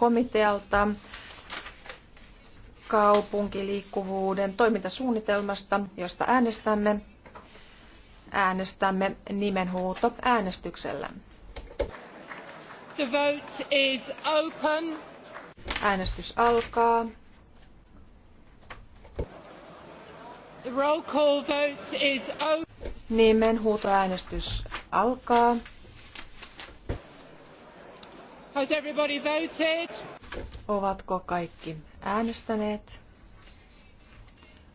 komitealta kaupunkiliikkuvuuden toimintasuunnitelmasta, josta äänestämme. Äänestämme nimenhuuto äänestyksellä. The vote is open. Äänestys alkaa. roll call vote is open. Nimenhuutoäänestys alkaa. Has everybody voted? Ovatko kaikki äänestäneet?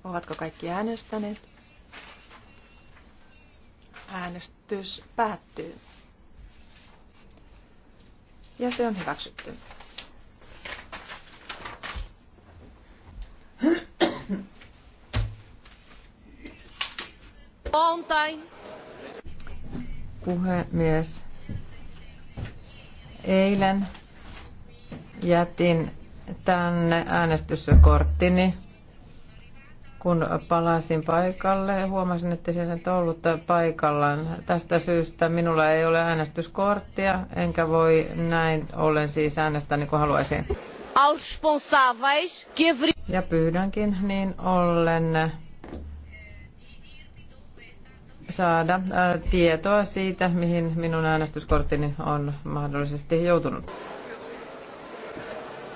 Ovatko kaikki äänestäneet? Äänestys päättyy. Ja se on hyväksytty. Puhemies Eilen jätin tänne äänestyskorttini. Kun palasin paikalle, huomasin, että se et ollut paikallaan. Tästä syystä minulla ei ole äänestyskorttia, enkä voi näin ollen siis äänestää niin kuin haluaisin. Ja pyydänkin niin ollen saada tietoa siitä, mihin minun äänestyskorttini on mahdollisesti joutunut.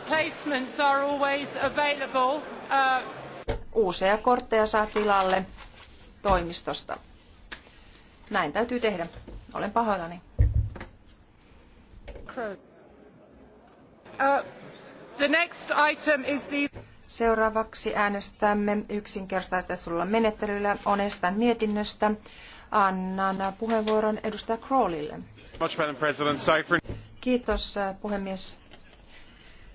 Placements are always available. Uusia kortteja saa tilalle toimistosta. Näin täytyy tehdä. Olen pahoillani. Uh, the next item is the... Seuraavaksi äänestämme yksinkertaistetulla menettelyllä Onestan mietinnöstä. Annan puheenvuoron edustaja Crawlille. Kiitos äh, puhemies.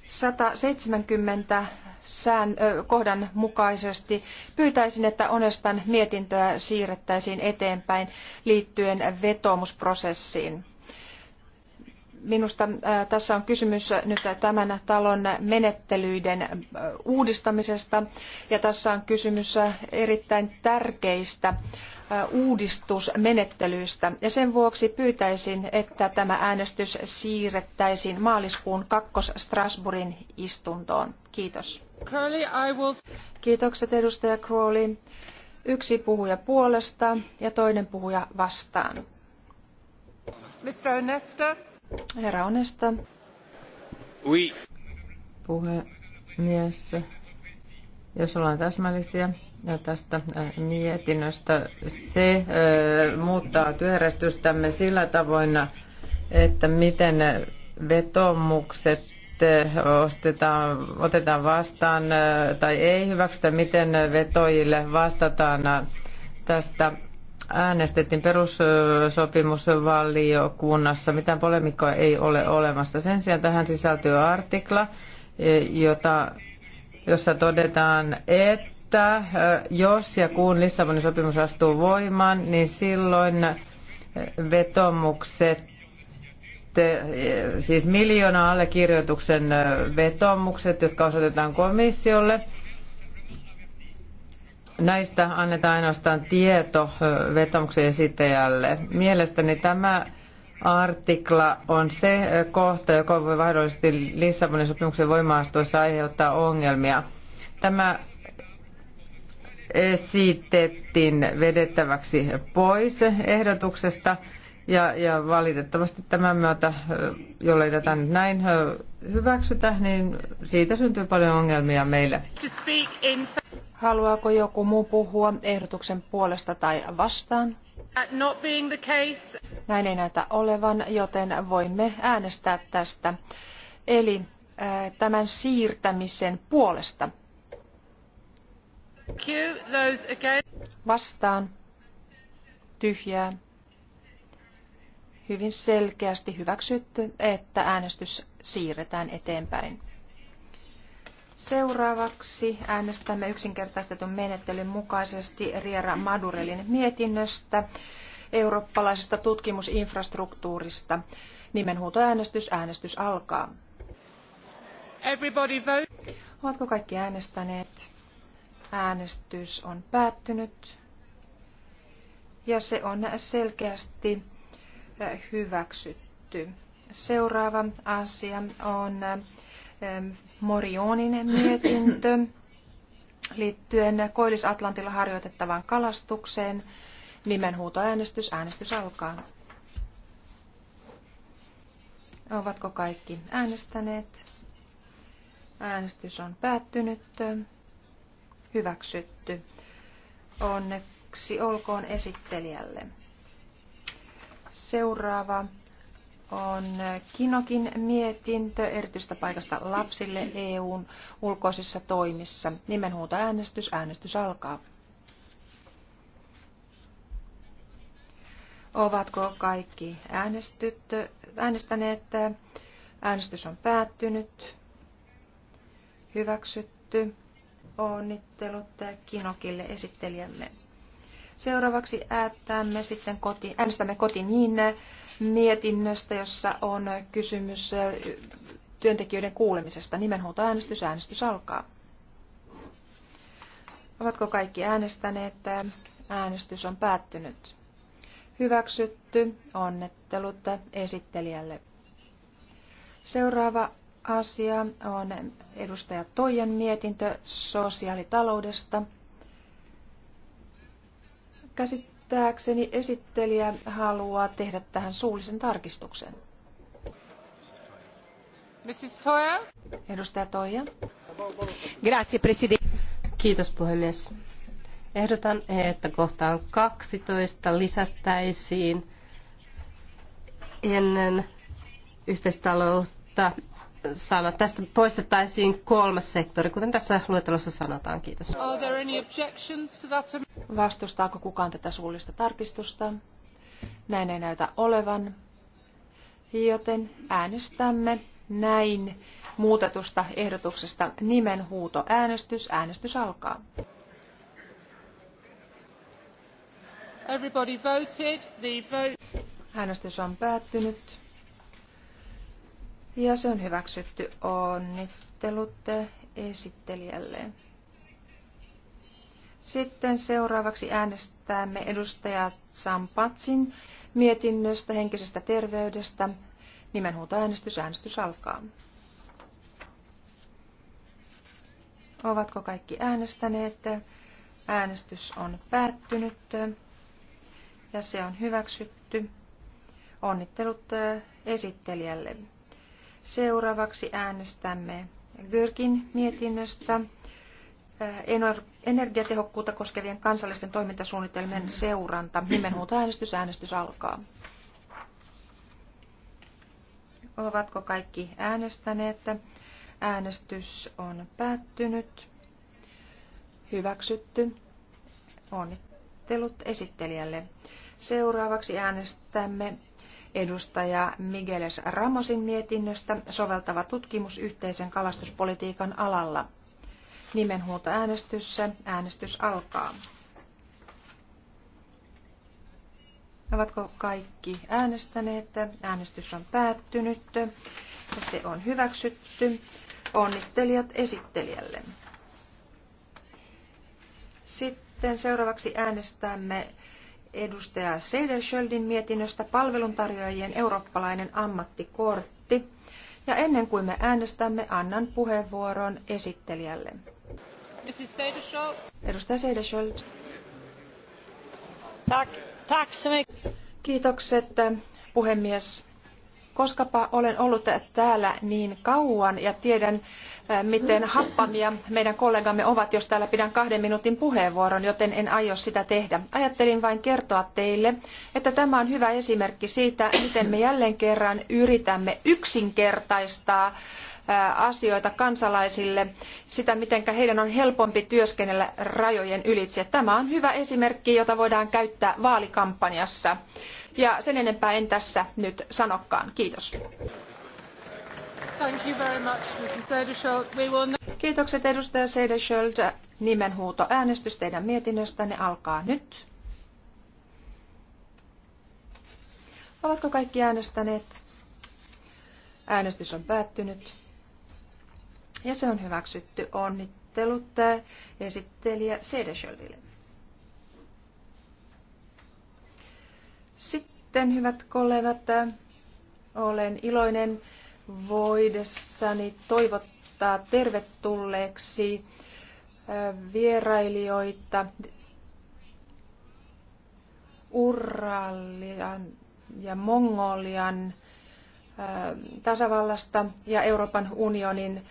170 sään, kohdan mukaisesti pyytäisin, että Onestan mietintöä siirrettäisiin eteenpäin liittyen vetoomusprosessiin Minusta äh, tässä on kysymys nyt tämän talon menettelyiden äh, uudistamisesta ja tässä on kysymys äh, erittäin tärkeistä uudistusmenettelyistä ja sen vuoksi pyytäisin, että tämä äänestys siirrettäisiin maaliskuun kaksi Strasbourgin istuntoon. Kiitos. Kiitokset edustaja Crowley. Yksi puhuja puolesta ja toinen puhuja vastaan. Mr. Onesta. Herra Onesta. Oui. Puhemies, jos ollaan täsmällisiä tästä mietinnöstä, se muuttaa työjärjestystämme sillä tavoin, että miten vetomukset ostetaan, otetaan vastaan tai ei hyväksytä, miten vetoille vastataan tästä äänestettiin perussopimusvaliokunnassa. Mitään polemikkoa ei ole olemassa. Sen sijaan tähän sisältyy artikla, jota, jossa todetaan, että eh, jos ja kun Lissabonin sopimus astuu voimaan, niin silloin vetomukset eh, siis miljoona allekirjoituksen eh, vetomukset, jotka osoitetaan komissiolle – Näistä annetaan ainoastaan tieto vetomuksen esittäjälle. Mielestäni tämä artikla on se kohta, joka voi mahdollisesti Lissabonin sopimuksen voimaastuessa aiheuttaa ongelmia. Tämä esitettiin vedettäväksi pois ehdotuksesta ja, ja valitettavasti tämän myötä, jollei tätä nyt näin hyväksytä, niin siitä syntyy paljon ongelmia meille. Haluaako joku muu puhua ehdotuksen puolesta tai vastaan? Not being the case. Näin ei näytä olevan, joten voimme äänestää tästä. Eli äh, tämän siirtämisen puolesta. Vastaan. Tyhjää. Hyvin selkeästi hyväksytty, että äänestys siirretään eteenpäin. Seuraavaksi äänestämme yksinkertaistetun menettelyn mukaisesti Riera Madurelin mietinnöstä eurooppalaisesta tutkimusinfrastruktuurista. Nimenhuutoäänestys, äänestys alkaa. Everybody vote. Ovatko kaikki äänestäneet? Äänestys on päättynyt. Ja se on selkeästi eh, hyväksytty. Seuraava asia on Morioninen mietintö liittyen Koillis-Atlantilla harjoitettavaan kalastukseen. Nimenhuutoäänestys. Äänestys alkaa. Ovatko kaikki äänestäneet? Äänestys on päättynyt. Hyväksytty. Onneksi olkoon esittelijälle. Seuraava on Kinokin mietintö erityistä paikasta lapsille EUn ulkoisissa toimissa. Nimenhuutoäänestys. Äänestys alkaa. Ovatko kaikki äänestäneet? Äänestys on päättynyt. Hyväksytty. Onnittelut Kinokille esittelijälle. Seuraavaksi äättämme sitten koti, äänestämme kotiin niin mietinnöstä, jossa on kysymys työntekijöiden kuulemisesta. Nimenhuutoäänestys, äänestys alkaa. Ovatko kaikki äänestäneet? Äänestys on päättynyt. Hyväksytty. Onnettelut esittelijälle. Seuraava asia on edustaja Toijan mietintö sosiaalitaloudesta. Käsittääkseni esittelijä haluaa tehdä tähän suullisen tarkistuksen. Mrs. Toja. Edustaja Toija. Grazie, presidente. Kiitos puhemies. Ehdotan, että kohtaan 12 lisättäisiin ennen yhteistaloutta sana. Tästä poistettaisiin kolmas sektori, kuten tässä luettelossa sanotaan. Kiitos. Vastustaako kukaan tätä suullista tarkistusta? Näin ei näytä olevan. Joten äänestämme näin muutetusta ehdotuksesta nimenhuuto äänestys. Äänestys alkaa. Everybody voted. The vote... Äänestys on päättynyt. Ja se on hyväksytty. Onnittelut esittelijälle. Sitten seuraavaksi äänestämme edustaja Sampatsin mietinnöstä henkisestä terveydestä. äänestys, äänestys alkaa. Ovatko kaikki äänestäneet? Äänestys on päättynyt ja se on hyväksytty. Onnittelut esittelijälle. Seuraavaksi äänestämme Gyrkin mietinnöstä eh, energiatehokkuutta koskevien kansallisten toimintasuunnitelmien seuranta. Nimenhuutoäänestys, äänestys alkaa. Ovatko kaikki äänestäneet? Äänestys on päättynyt. Hyväksytty. Onnittelut esittelijälle. Seuraavaksi äänestämme edustaja Migueles Ramosin mietinnöstä soveltava tutkimus yhteisen kalastuspolitiikan alalla. Nimenhuuto äänestyssä. Äänestys alkaa. Ovatko kaikki äänestäneet? Äänestys on päättynyt. Se on hyväksytty. Onnittelijat esittelijälle. Sitten seuraavaksi äänestämme edustaja Sederschöldin mietinnöstä palveluntarjoajien eurooppalainen ammattikortti. Ja ennen kuin me äänestämme, annan puheenvuoron esittelijälle. Edustaja Sederschöld. Tack, Kiitokset, puhemies. Koskapa olen ollut täällä niin kauan ja tiedän miten happamia meidän kollegamme ovat, jos täällä pidän kahden minuutin puheenvuoron, joten en aio sitä tehdä. Ajattelin vain kertoa teille, että tämä on hyvä esimerkki siitä, miten me jälleen kerran yritämme yksinkertaistaa asioita kansalaisille, sitä miten heidän on helpompi työskennellä rajojen ylitse. Tämä on hyvä esimerkki, jota voidaan käyttää vaalikampanjassa. Ja sen enempää en tässä nyt sanokaan. Kiitos. Kiitokset edustaja Seideschild. Nimenhuuto äänestys teidän mietinnöstänne alkaa nyt. Ovatko kaikki äänestäneet? Äänestys on päättynyt. Ja se on hyväksytty. Onnittelut äh, esittelijä Sedeschöldille. Sitten, hyvät kollegat, äh, olen iloinen voidessani toivottaa tervetulleeksi vierailijoita Urallian ja Mongolian tasavallasta ja Euroopan unionin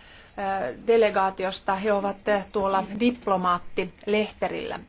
delegaatiosta. He ovat tuolla diplomaattilehterillä.